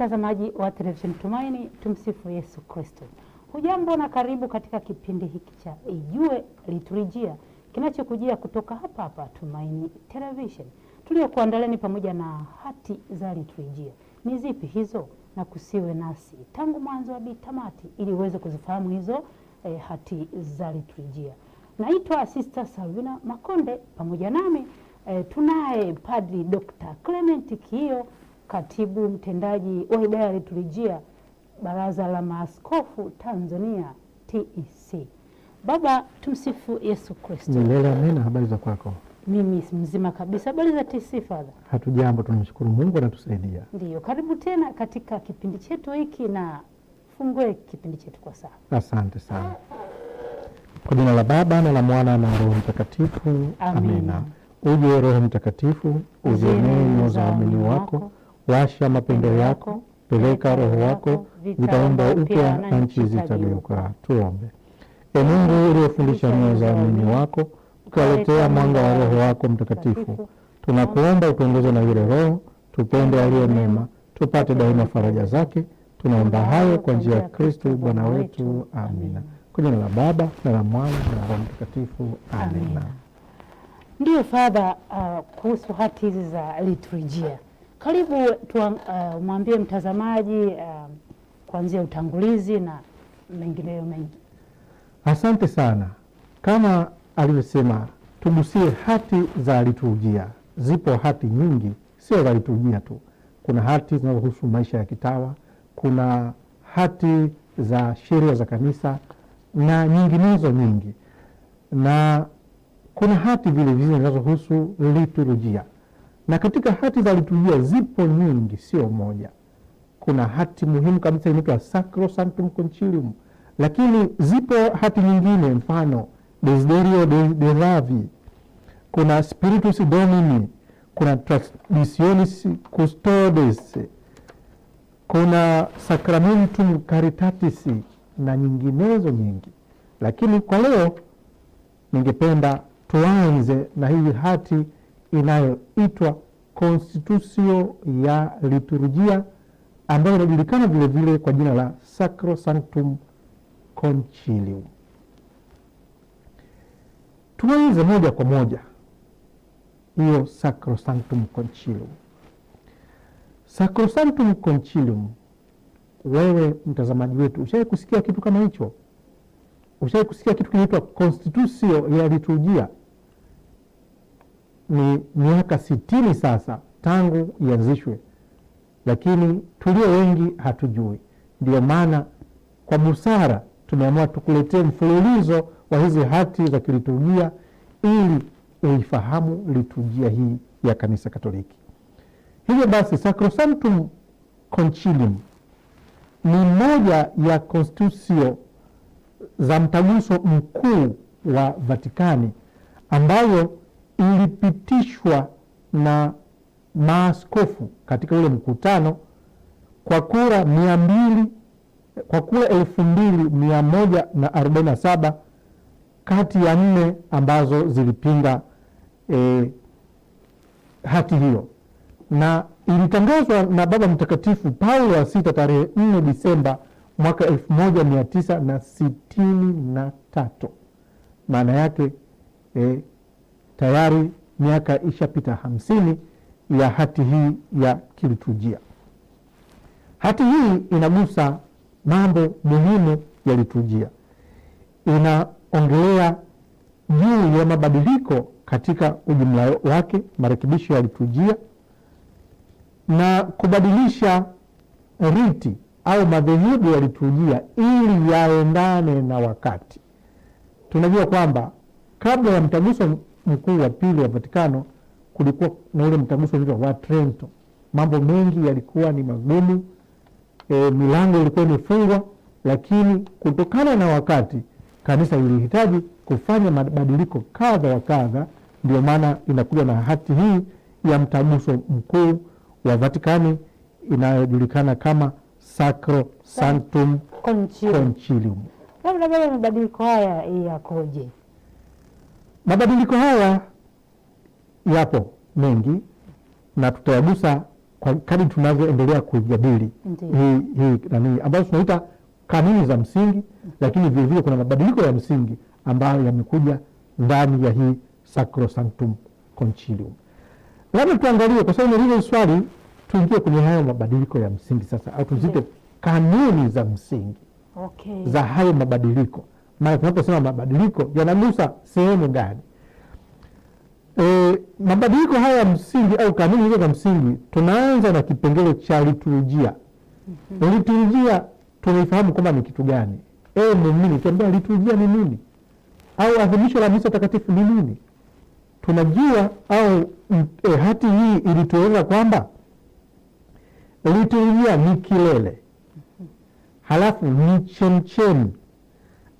Mtazamaji wa televisheni Tumaini, tumsifu Yesu Kristo. Hujambo na karibu katika kipindi hiki cha Ijue Liturujia kinachokujia kutoka hapa hapa Tumaini Television. Tuliokuandalia ni pamoja na hati za liturujia. Ni zipi hizo? Na kusiwe nasi tangu mwanzo hadi tamati, ili uweze kuzifahamu hizo eh, hati za liturujia. Naitwa Sister Salvina Makonde, pamoja nami eh, tunaye Padri Dr. Clement Kio katibu mtendaji wa idara ya liturujia Baraza la Maaskofu Tanzania TEC. Baba, tumsifu Yesu Kristo. Milele amina. Habari za kwako? Mimi mzima kabisa. Habari za TEC Father? Hatujambo, tunamshukuru Mungu anatusaidia. Ndiyo, karibu tena katika kipindi chetu hiki na fungue kipindi chetu kwa sasa. Asante sana. Kwa jina la Baba na la Mwana na Roho Mtakatifu, amina. Uje Roho Mtakatifu, uzienee nyoo za waamini wako washa mapendo yako, peleka roho wako, vitaumba upya na nchi zitageuka. Tuombe. E Mungu uliofundisha mioyo za waamini wako, ukiwaletea mwanga wa Roho wako Mtakatifu, tunakuomba utuongoze na yule Roho tupende aliyo mema, tupate daima faraja zake. Tunaomba hayo kwa njia ya Kristu Bwana wetu, amina. Kwa jina la Baba na la Mwana na Roho Mtakatifu, amina. Ndiyo Fadha, uh, kuhusu hati hizi za liturujia karibu tuwa, uh, mwambie mtazamaji uh, kuanzia utangulizi na mengineyo mengi. Asante sana. Kama alivyosema, tugusie hati za liturujia. Zipo hati nyingi, sio za liturujia tu. Kuna hati zinazohusu maisha ya kitawa, kuna hati za sheria za kanisa na nyinginezo nyingi, na kuna hati vilevile zinazohusu liturujia na katika hati za liturujia zipo nyingi, sio moja. Kuna hati muhimu kabisa inaitwa Sacrosanctum Concilium, lakini zipo hati nyingine, mfano Desiderio de kuna Spiritus Domini, kuna Traditionis Custodes, kuna Sacramentum Caritatis na nyinginezo nyingi, lakini kwa leo ningependa tuanze na hii hati inayoitwa konstitusio ya liturujia ambayo inajulikana vilevile kwa jina la Sacrosanctum Concilium. Tuanze moja kwa moja hiyo Sacrosanctum Concilium. Sacrosanctum Concilium, wewe mtazamaji wetu, ushawai kusikia kitu kama hicho? Ushawai kusikia kitu kinaitwa konstitusio ya liturujia? ni miaka sitini sasa tangu ianzishwe, lakini tulio wengi hatujui. Ndiyo maana kwa busara tumeamua tukuletee mfululizo wa hizi hati za kiliturujia ili uifahamu liturujia hii ya Kanisa Katoliki. Hivyo basi, Sacrosanctum Concilium ni moja ya konstitusio za mtaguso mkuu wa Vatikani ambayo ilipitishwa na maaskofu katika ule mkutano kwa kura mia mbili kwa kura elfu mbili mia moja na arobaini na saba kati ya nne ambazo zilipinga e, hati hiyo na ilitangazwa na Baba Mtakatifu Paulo wa Sita tarehe nne Disemba mwaka elfu na na tatu Maana yake e, tayari miaka ishapita hamsini ya hati hii ya kiliturujia. Hati hii inagusa mambo muhimu ya liturujia, inaongelea juu ya mabadiliko katika ujumla wake, marekebisho ya liturujia na kubadilisha riti au madhehebu ya liturujia ili yaendane na wakati. Tunajua kwamba kabla ya mtaguso mkuu wa pili wa Vatikano, kulikuwa na ule mtaguso wa Trento. Mambo mengi yalikuwa ni magumu e, milango ilikuwa imefungwa, lakini kutokana na wakati kanisa lilihitaji kufanya mabadiliko kadha wa kadha, ndio maana inakuja na hati hii ya mtaguso mkuu wa Vatikani inayojulikana kama Sacro Sanctum Concilium. Labda baba, mabadiliko haya yakoje? Mabadiliko haya yapo mengi na tutayagusa kwa kadri tunavyoendelea kuijadili hii hii nani ambazo tunaita kanuni za msingi, lakini vilevile kuna mabadiliko ya msingi ambayo yamekuja ndani ya hii Sacrosanctum Concilium. Labda tuangalie, kwa sababu nilivyo swali, tuingie kwenye hayo mabadiliko ya msingi sasa, au tuzite kanuni za msingi okay, za hayo mabadiliko maana tunaposema mabadiliko yanagusa sehemu gani? E, mabadiliko haya ya msingi au kanuni hizo za msingi, tunaanza na kipengele cha liturujia. mm -hmm. Liturujia tunaifahamu kwamba ni kitu gani? E, muumini tuambia liturujia ni nini, au adhimisho la misa takatifu ni nini? Tunajua au e, hati hii ilitueleza kwamba liturujia ni kilele, mhm. halafu ni chemchemi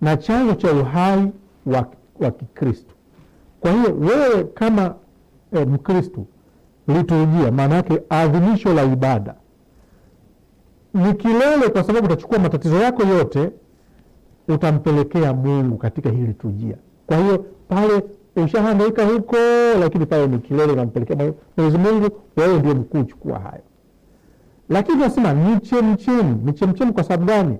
na chanzo cha uhai wa, wa Kikristo. Kwa hiyo wewe kama eh, Mkristo, liturujia maana yake adhimisho la ibada ni kilele, kwa sababu utachukua matatizo yako yote utampelekea Mungu katika hii liturujia. Kwa hiyo pale ushahangaika huko, lakini pale ni kilele, unampelekea Mwenyezi Mungu, wewe ndio mkuu, chukua hayo. Lakini nasema ni chemchemi, ni chemchemi. Kwa sababu gani?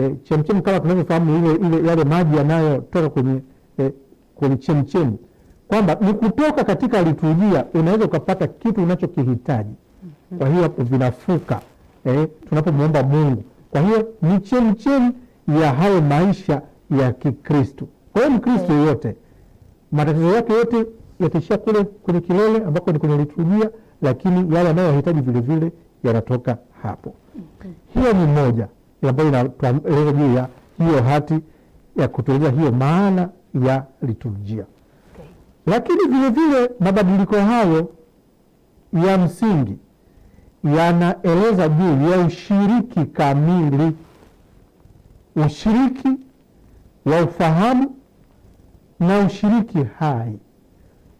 Eh, chemchem kama tunavyofahamu ile ile yale maji yanayotoka kwenye e, kwenye chemchem kwamba ni kutoka katika liturujia unaweza ukapata kitu unachokihitaji. Kwa hiyo vinafuka eh, tunapomwomba Mungu. Kwa hiyo ni chemchem ya hayo maisha ya Kikristo. Kwa hiyo Mkristo yoyote matatizo yake yote yataishia kule kwenye kilele ambako ni kwenye liturujia, lakini yale anayohitaji vilevile yanatoka hapo. Mm-hmm. Hiyo ni moja ambayo inatueleza juu ya hiyo hati ya kutueleza hiyo maana ya liturujia okay. Lakini vilevile mabadiliko hayo ya msingi yanaeleza juu ya ushiriki kamili, ushiriki wa ufahamu na ushiriki hai.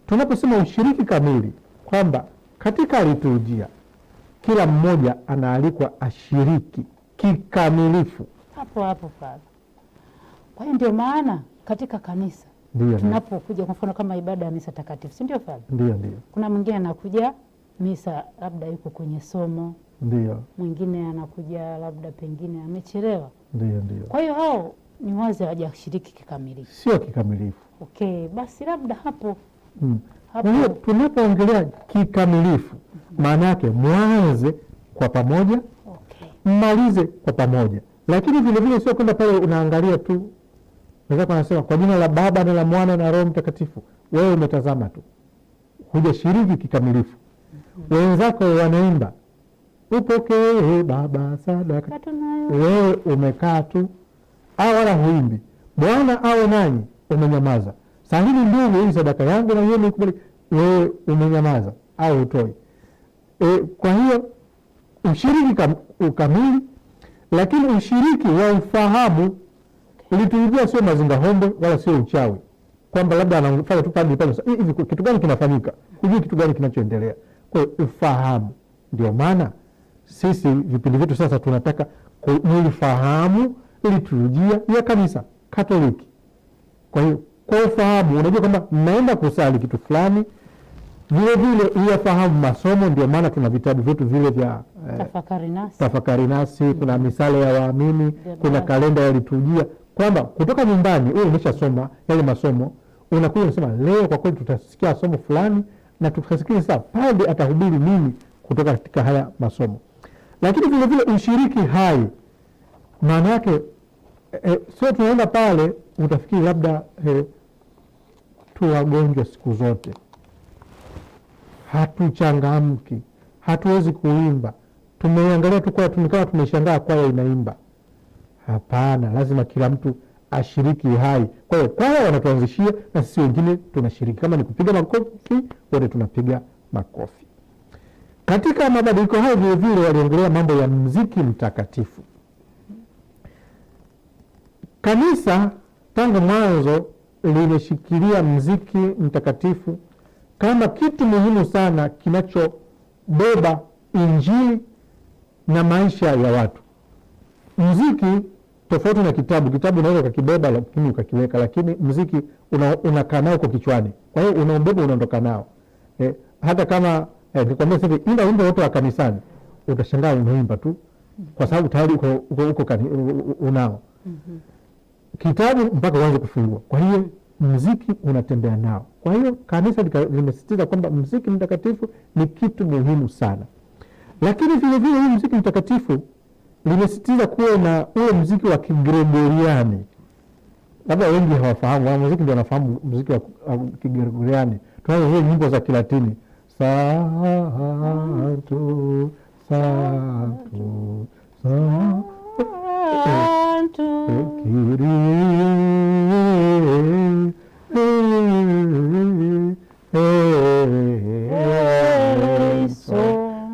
Tunaposema ushiriki kamili, kwamba katika liturujia kila mmoja anaalikwa ashiriki kikamilifu hapo hapo Father. Kwa hiyo ndio maana katika kanisa tunapokuja kwa mfano kama ibada ya misa takatifu, si ndio Father? Ndio, ndio. Kuna mwingine anakuja misa labda yuko kwenye somo, ndio. Mwingine anakuja labda pengine amechelewa, ndio, ndio. Kwa hiyo hao ni wazi hawajashiriki kikamilifu, sio kikamilifu. Okay, basi labda hapo mm. Kwa hiyo tunapoongelea kikamilifu, mm-hmm. maana yake mwanze kwa pamoja mmalize kwa pamoja. Lakini vilevile sio kwenda pale unaangalia tu, anasema kwa jina la Baba na la Mwana na Roho Mtakatifu. Wewe umetazama tu, hujashiriki kikamilifu. Wenzako wanaimba upokee Baba sadaka, wewe umekaa tu, au wala huimbi. Bwana awe nanyi, umenyamaza. Saa hili ndugu, hii sadaka yangu na yenu wewe umenyamaza au hutoi. E, kwa hiyo ushiriki ukamili, lakini ushiriki wa ufahamu. Ilituibua sio mazinga hombe wala sio uchawi, kwamba labda anafanya tu pande pale hivi, kitu gani kinafanyika, hujui kitu gani kinachoendelea. Kwa hiyo ufahamu, ndio maana sisi vipindi vyetu sasa tunataka nilifahamu liturujia ya kanisa Katoliki. Kwa hiyo kwa ufahamu unajua kwamba naenda kusali kitu fulani Vilevile uyafahamu masomo, ndio maana tuna vitabu vyetu vile vya eh, tafakari nasi, nasi mm. kuna misale ya waamini, kuna kalenda ya liturujia, kwamba kutoka nyumbani huyo umeshasoma yale masomo, unakuja unasema leo kwa kweli tutasikia somo fulani na tukasikiliza sasa pande atahubiri nini kutoka katika haya masomo. Lakini vilevile ushiriki hai, maana yake eh, eh, sio tunaenda pale utafikiri labda eh, tu wagonjwa siku zote hatuchangamki, hatuwezi kuimba. tumeangalia tu kwaya, tumekaa tumeshangaa kwaya inaimba. Hapana, lazima kila mtu ashiriki hai. Kwa hiyo kwaya wanatuanzishia na sisi wengine tunashiriki, kama ni kupiga makofi, wote tunapiga makofi. Katika mabadiliko hayo vilevile waliongelea mambo ya mziki mtakatifu. Kanisa tangu mwanzo limeshikilia mziki mtakatifu kama kitu muhimu sana kinachobeba Injili na maisha ya watu. Mziki tofauti na kitabu, kitabu unaweza ukakibeba lakini ukakiweka, lakini mziki unakaa nao uko kichwani, kwa hiyo unaubeba unaondoka nao eh, hata kama e, nikwambia eh, sasa ila wimbo wote wa kanisani utashangaa unaimba tu kwa sababu tayari uko, uko, uko unao mm -hmm. Kitabu mpaka uanze kufungua. Kwa hiyo mziki unatembea nao. Kwa hiyo kanisa limesisitiza kwamba mziki mtakatifu ni kitu muhimu sana, lakini vile vile huu mziki mtakatifu limesisitiza kuwe na ule mziki wa Kigregoriani. Labda wengi hawafahamu, muziki ndio wanafahamu mziki wa Kigregoriani. Tunazo zile nyimbo za Kilatini, sanctus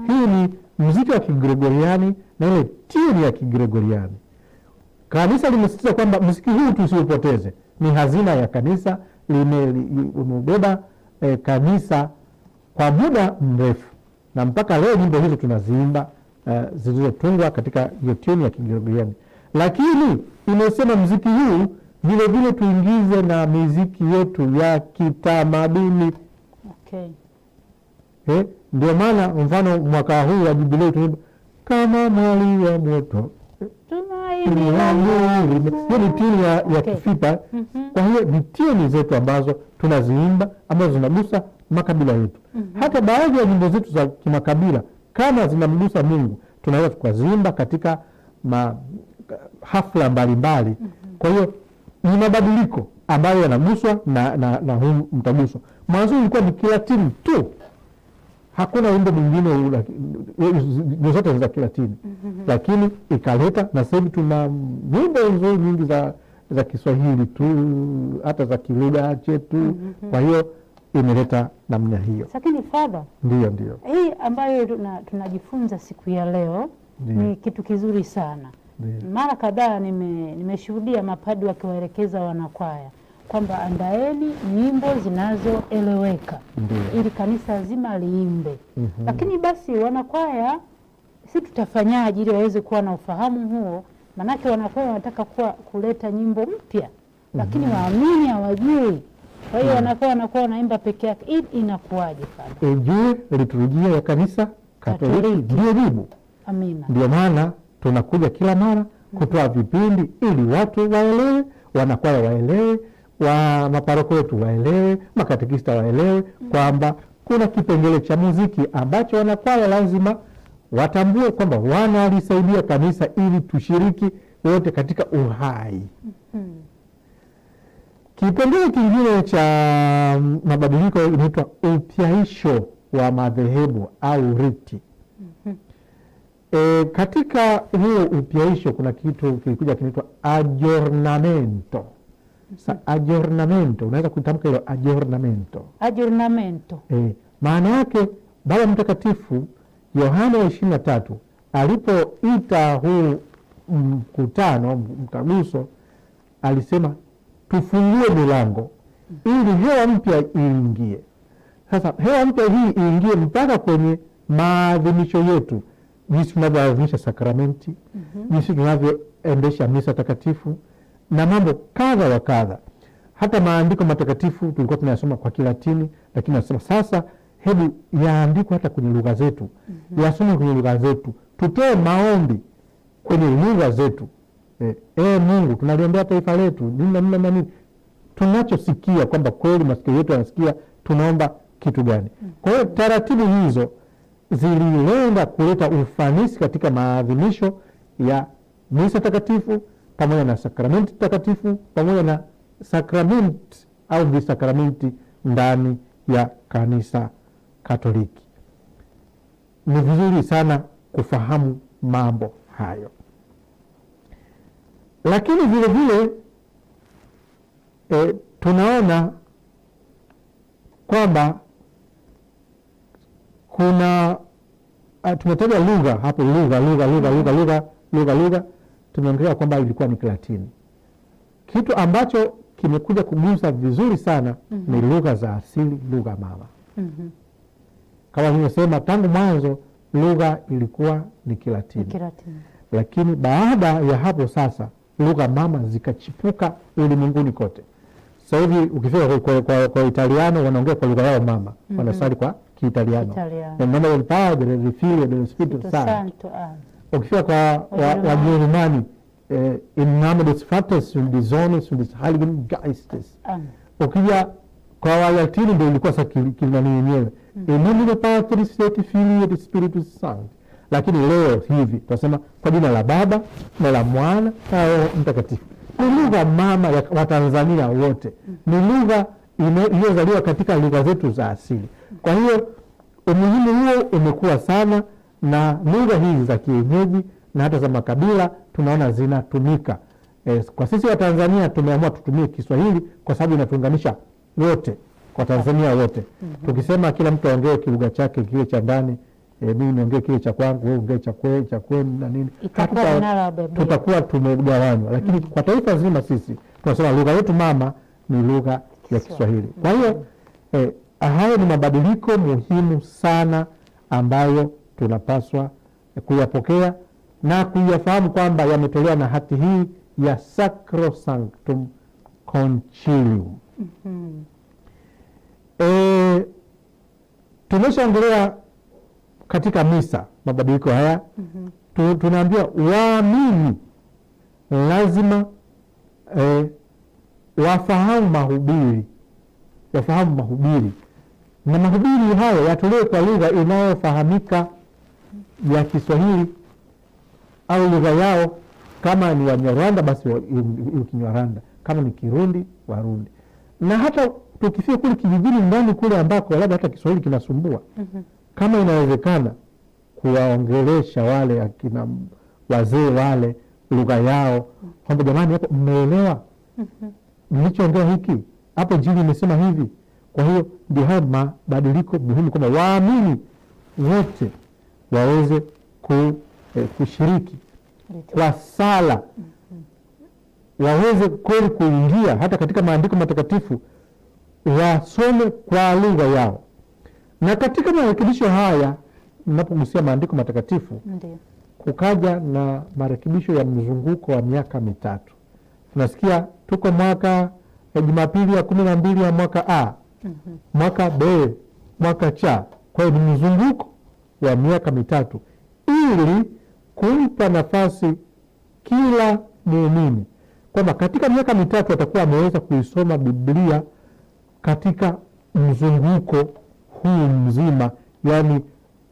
hii ni mziki wa Kigregoriani na ile tiuni ya Kigregoriani. Kanisa limesitiza kwamba mziki huu tusiupoteze, ni hazina ya kanisa, limeubeba e, eh, kanisa kwa muda mrefu, na mpaka leo nyimbo hizo tunaziimba uh, zilizotungwa katika hiyo tiuni ya Kigregoriani, lakini imesema mziki huu vilevile tuingize na miziki yetu ya kitamaduni okay. Eh, ndio maana mfano mwaka huu wa jubilei tunaimba kama mwali ya moto hiyo ni tini ya, ya okay. Kifipa mm -hmm. Kwa hiyo ni tini zetu ambazo tunaziimba ambazo zinagusa makabila yetu mm -hmm. Hata baadhi ya nyimbo zetu za kimakabila kama zinamgusa Mungu tunaweza tukaziimba katika ma, hafla mbalimbali mbali. mm -hmm. Kwa hiyo ni mabadiliko ambayo yanaguswa na, na, na huu mtaguswa. Mwanzo ulikuwa ni Kilatini tu, hakuna wimbo mwingine zote za Kilatini mm -hmm. Lakini ikaleta na sehemu tuna nyimbo nzuri nyingi za, za Kiswahili tu hata za kilugha chetu mm -hmm. Kwa hiyo imeleta namna hiyo, lakini fadha, ndio ndio hii ambayo tunajifunza siku ya leo ndiyo. Ni kitu kizuri sana mara kadhaa nimeshuhudia nime mapadi wakiwaelekeza wanakwaya kwamba andaeni nyimbo zinazoeleweka ili kanisa zima liimbe. mm -hmm. Lakini basi wanakwaya, si tutafanyaje ili waweze kuwa na ufahamu huo? Maanake wanakwaya wanataka kuwa kuleta nyimbo mpya, mhm. lakini mm -hmm. waamini hawajui kwa hiyo mhm. wanakuwa wanakuwa wanaimba peke yake. Hii inakuwaje? Ijue liturujia ya kanisa Katoliki ndio jibu. Amina, ndio maana tunakuja kila mara kutoa vipindi ili watu waelewe, wanakwaya waelewe, wa maparoko wetu waelewe, makatekista waelewe kwamba kuna kipengele cha muziki ambacho wanakwaya lazima watambue kwamba wanalisaidia kanisa ili tushiriki wote katika uhai. Kipengele kingine cha mabadiliko inaitwa upyaisho wa madhehebu au riti. E, katika huo upyaisho kuna kitu kilikuja kinaitwa ajornamento. Sa mm-hmm. ajornamento, unaweza kutamka hilo ajornamento, ajornamento. E, maana yake Baba Mtakatifu Yohane wa ishirini na tatu alipoita huu mkutano mtaguso, alisema tufungue milango mm-hmm. ili hewa mpya iingie. Sasa hewa mpya hii iingie mpaka kwenye maadhimisho yetu jinsi tunavyoadhimisha sakramenti mm -hmm. tunavyoendesha misa takatifu na mambo kadha wa kadha. Hata maandiko matakatifu tulikuwa tunayasoma kwa Kilatini, lakini nasema sasa, hebu yaandikwe hata kwenye lugha zetu mm -hmm. yasome kwenye lugha zetu, tutoe maombi kwenye lugha zetu. E, e, Mungu tunaliombea taifa letu nini na nini na tunachosikia kwamba kweli masikio yetu yanasikia, tunaomba kitu gani? Mhm. Kwa hiyo taratibu hizo zililenga kuleta ufanisi katika maadhimisho ya misa takatifu pamoja na sakramenti takatifu pamoja na sakramenti au visakramenti ndani ya kanisa Katoliki. Ni vizuri sana kufahamu mambo hayo, lakini vilevile e, eh, tunaona kwamba kuna Ah, tumetaja lugha hapo, lugha lugha lugha lugha lugha lugha lugha, tumeongelea kwamba ilikuwa ni Kilatini. Kitu ambacho kimekuja kugusa vizuri sana mm -hmm. ni lugha za asili, lugha mama mm -hmm. kama nimesema tangu mwanzo lugha ilikuwa ni Kilatini, Kilatini, lakini baada ya hapo sasa lugha mama zikachipuka ulimwenguni kote. Sasa hivi ukifika kwa Italiano wanaongea kwa lugha yao mama, mhm. wanasali kwa Kiitaliano, ndio maana del Padre del Figlio e dello Spirito Santo. Ukifika kwa Wajerumani im Namen des Vaters und des Sohnes und des Heiligen Geistes. Ukija kwa Walatini ndio mm. ilikuwa kinani yenyewe in nomine Patris et Filii et Spiritus Sancti, lakini leo hivi tunasema kwa jina la Baba na la Mwana na Roho Mtakatifu. Ni lugha mama ya Watanzania wote, mm. ni lugha iliyozaliwa katika lugha zetu za asili. Kwa hiyo Umuhimu huo umekuwa sana, na lugha hizi za kienyeji na hata za makabila tunaona zinatumika. E, kwa sisi Watanzania tumeamua tutumie Kiswahili kwa sababu inatuunganisha wote Tanzania wote. mm -hmm. Tukisema kila mtu aongee kilugha chake kile cha ndani e, mimi niongee kile cha kwangu, wewe ongee cha kwenu na nini, tutakuwa tumegawanywa. Lakini mm -hmm. kwa taifa zima sisi tunasema lugha yetu mama ni lugha ya Kiswahili. Kwa hiyo mm -hmm. e, Hayo ni mabadiliko muhimu sana ambayo tunapaswa kuyapokea na kuyafahamu kwamba yametolewa na hati hii ya Sacrosanctum Concilium. mm -hmm. E, tumeshaongelea katika misa mabadiliko haya. mm -hmm. Tunaambiwa waamini lazima e, wafahamu mahubiri, wafahamu mahubiri na mahubiri hayo yatolewe kwa lugha inayofahamika ya Kiswahili au lugha yao. Kama ni Wanyarwanda basi Kinyarwanda, kama ni Kirundi Warundi, na hata tukifika kule kijijini ndani kule ambako labda hata Kiswahili kinasumbua mm -hmm. Kama inawezekana kuwaongelesha wale akina wazee wale lugha yao kwamba jamani, hapo mmeelewa mhm. mlichoongea mm -hmm. Hiki hapo jini imesema hivi kwa hiyo ndio hayo mabadiliko muhimu, kwamba waamini wote waweze ku, eh, kushiriki kwa sala waweze kweli kuingia hata katika maandiko matakatifu wasome kwa lugha yao. Na katika marekebisho haya mnapogusia maandiko matakatifu Ndiyo. kukaja na marekebisho ya mzunguko wa miaka mitatu. Tunasikia tuko mwaka eh, Jumapili ya kumi na mbili ya mwaka A Mm-hmm. mwaka be mwaka cha. Kwa hiyo ni mzunguko wa miaka mitatu ili kumpa nafasi kila muumini kwamba katika miaka mitatu atakuwa ameweza kuisoma Biblia katika mzunguko huu mzima, yani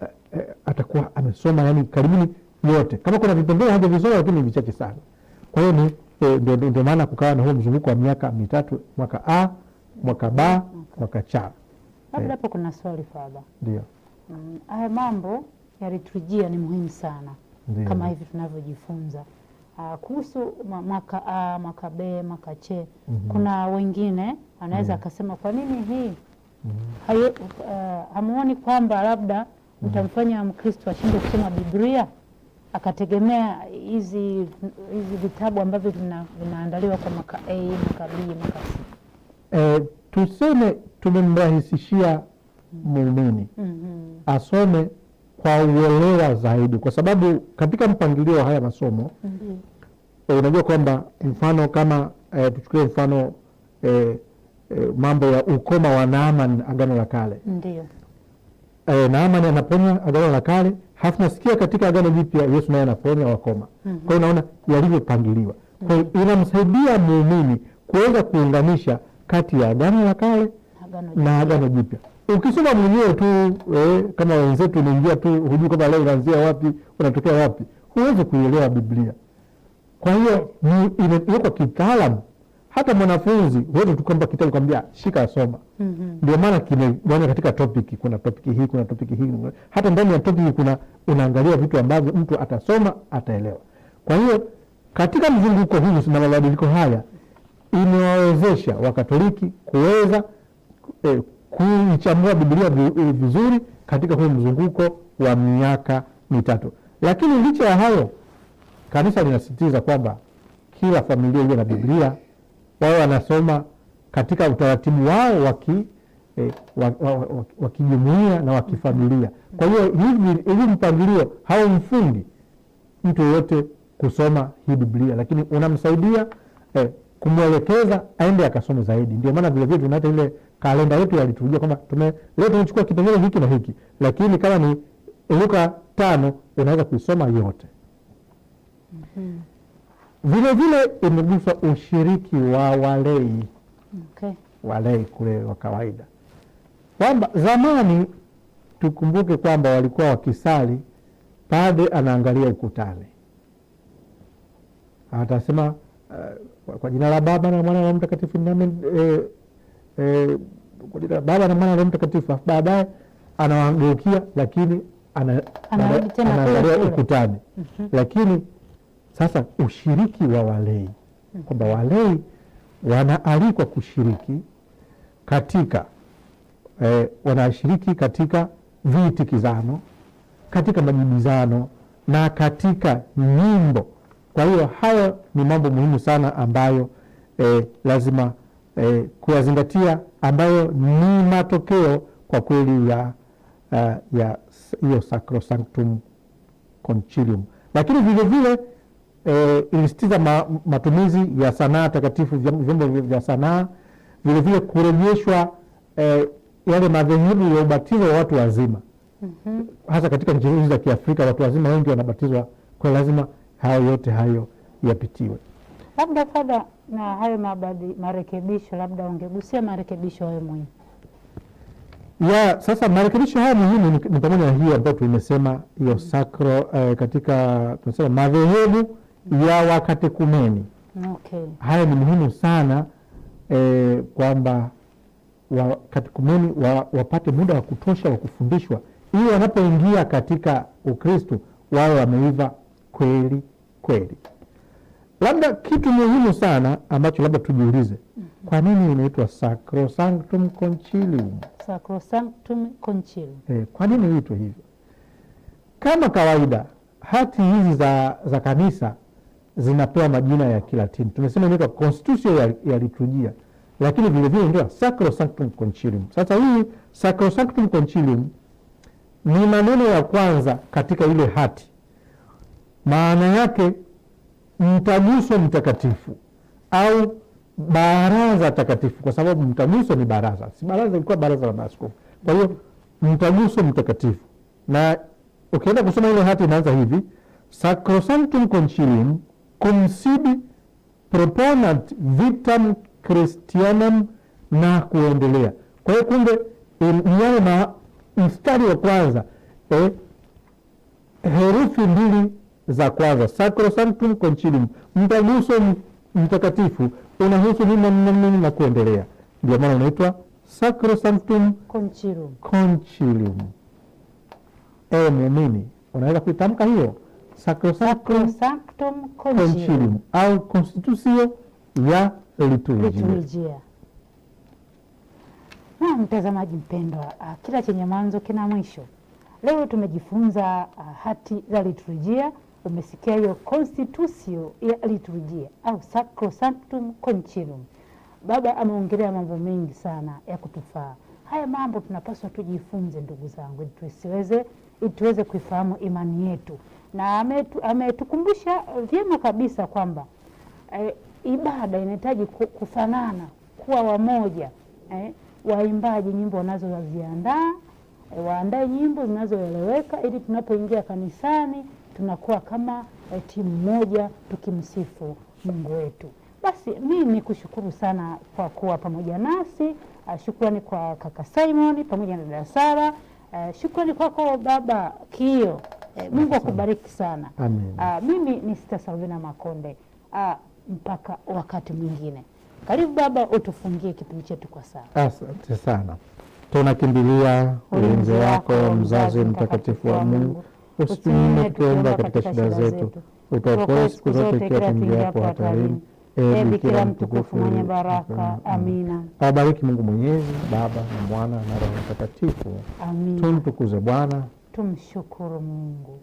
eh, eh, atakuwa amesoma yani karibuni yote, kama kuna vipengele hajavisoma, lakini ni vichache sana. Kwa hiyo ni eh, ndio maana kukawa na huo mzunguko wa miaka mitatu, mwaka a mwaka ba mwaka cha labda eh. hapo Kuna swali fadha ndio mm, haya mm, mambo ya liturujia ni muhimu sana Dio. Kama hivi tunavyojifunza ah, kuhusu mwaka a mwaka b mwaka che mm -hmm. Kuna wengine anaweza akasema kwa nini hii mm -hmm. Hamuoni kwamba labda mtamfanya mhm. Mkristo ashinde kusoma Biblia akategemea hizi hizi vitabu ambavyo vinaandaliwa kwa mwaka a mwaka b mwaka e, tuseme tumemrahisishia muumini mm -hmm. asome kwa uelewa zaidi, kwa sababu katika mpangilio wa haya masomo mm -hmm. e, unajua kwamba mfano kama e, tuchukulie mfano e, e, mambo ya ukoma wa Naaman Agano la Kale e, Naaman anaponya Agano la Kale halafu nasikia katika Agano Jipya Yesu naye anaponya wakoma mm -hmm. kwao unaona yalivyopangiliwa, kwa hiyo mm-hmm. inamsaidia muumini kuweza kuunganisha kati ya Agano la Kale na Agano Jipya. Ukisoma mwenyewe tu eh, kama wenzetu unaingia tu, hujui kama leo unaanzia wapi, unatokea wapi, huwezi kuielewa Biblia. Kwa hiyo imewekwa kitaalamu, hata mwanafunzi huwezi tu kwamba kitabu kwambia shika asoma. mm -hmm. Ndio maana kimegana katika topiki, kuna topiki hii, kuna topiki hii, hata ndani ya topiki kuna unaangalia vitu ambavyo mtu atasoma ataelewa. Kwa hiyo katika mzunguko huu na mabadiliko haya imewawezesha Wakatoliki kuweza eh, kuichambua Biblia eh, vizuri katika huu mzunguko wa miaka mitatu. Lakini licha ya hayo, kanisa linasisitiza kwamba kila familia iwe na Biblia, wawe wanasoma katika utaratibu wao waki eh, wakijumuia na wakifamilia. Kwa hiyo hivi mpangilio haumfungi mtu yoyote kusoma hii Biblia, lakini unamsaidia eh, kumwelekeza aende akasome zaidi. Ndio maana vilevile tunaacha ile kalenda yetu ya liturujia kwamba leo tunachukua kipengele hiki na hiki, lakini kama ni Luka tano unaweza kuisoma yote. mm -hmm. Vilevile imeguswa ushiriki wa walei okay. Walei kule wa kawaida, kwamba zamani tukumbuke kwamba walikuwa wakisali, padre anaangalia ukutani, atasema kwa, uh, kwa jina la Baba na Mwana na Mtakatifu eh, eh, kwa jina la Baba na Mwana na Mtakatifu. Baadaye anawageukia lakini anaangalia ukutani, mhm. lakini sasa ushiriki wa walei mhm. kwamba walei wanaalikwa kushiriki katika eh, wanashiriki katika viitikizano, katika majibizano na katika nyimbo kwa hiyo hayo ni mambo muhimu sana ambayo e, lazima e, kuyazingatia ambayo ni matokeo kwa kweli ya eh, hiyo Sacrosanctum Concilium, lakini vilevile e, ilisitiza ma, matumizi ya sanaa takatifu, vyombo vya sanaa, vilevile kurejeshwa e, yale madhehebu ya ubatizo wa watu wazima mm -hmm. Hasa katika nchi hizi za Kiafrika watu wazima wengi wanabatizwa kwa lazima hayo yote hayo yapitiwe. Labda fada na hayo mabadi, marekebisho, labda ungegusia marekebisho hayo muhimu ya sasa. Marekebisho haya muhimu ni pamoja na hiyo ambayo tumesema hiyo sakro eh, katika tunasema madhehebu ya wakatekumeni okay. Haya ni muhimu sana eh, kwamba wakatekumeni wa, wapate muda wa kutosha wa kufundishwa ili wanapoingia katika Ukristo wawe wameiva kweli kweli. Labda kitu muhimu sana ambacho labda tujiulize, mm-hmm. kwa nini inaitwa Sacrosanctum Concilium? Sacrosanctum Concilium. Eh, kwa nini inaitwa hivyo? Kama kawaida hati hizi za, za kanisa zinapewa majina ya Kilatini. Tumesema inaitwa constitutio ya, ya liturgia, lakini vilevile ndio Sacrosanctum Concilium. Sasa hii Sacrosanctum Concilium ni maneno ya kwanza katika ile hati maana yake mtaguso mtakatifu au baraza takatifu, kwa sababu mtaguso ni baraza, si baraza ilikuwa baraza la maaskofu. Kwa hiyo mtaguso mtakatifu, na ukienda kusoma ile hati inaanza hivi: Sacrosanctum Concilium consibi proponant vitam Christianam na kuendelea. Kwa hiyo kumbe, eh, ni yale mstari wa kwanza eh, herufi mbili za kwanza, Sacrosanctum Concilium, mtaguso mtakatifu unahusu nini na nini na kuendelea, ndio maana unaitwa Sacrosanctum Concilium. Concilium. E, muumini unaweza kuitamka hiyo Sacrosanctum Concilium. au konstitusio ya liturgia. Na mtazamaji mpendwa, kila chenye mwanzo kina mwisho. Leo tumejifunza hati za liturujia umesikia hiyo konstitusio ya liturujia au sacrosanctum concilium. Baba ameongelea mambo mengi sana ya kutufaa. Haya mambo tunapaswa tujifunze, ndugu zangu, ili tuweze kuifahamu imani yetu, na ametukumbusha ame uh, vyema kabisa kwamba eh, ibada inahitaji kufanana, kuwa wamoja eh, waimbaji nyimbo wanazoziandaa eh, waandae nyimbo zinazoeleweka ili tunapoingia kanisani tunakuwa kama eh, timu moja tukimsifu Mungu wetu. Basi mimi ni kushukuru sana kwa kuwa pamoja nasi. Eh, shukrani kwa kaka Simon pamoja na dada Sara. Eh, shukrani kwako kwa baba Kio. Mungu akubariki sana. Amen. Ah, mimi ni sita Salvina Makonde. Ah, mpaka wakati mwingine, karibu baba, utufungie kipindi chetu kwa sala. Asante sana. Tunakimbilia ulinzi wako mzazi mtakatifu wa Mungu Usitunyime kutuomba katika shida zetu, utuokoe siku zote ikiwa tuingiapo hatarini. Ee Bikira mtukufu mwenye baraka, amina. Awabariki Mungu Mwenyezi, Baba na Mwana na Roho Mtakatifu. Amina. Tumtukuze Bwana, tumshukuru Mungu.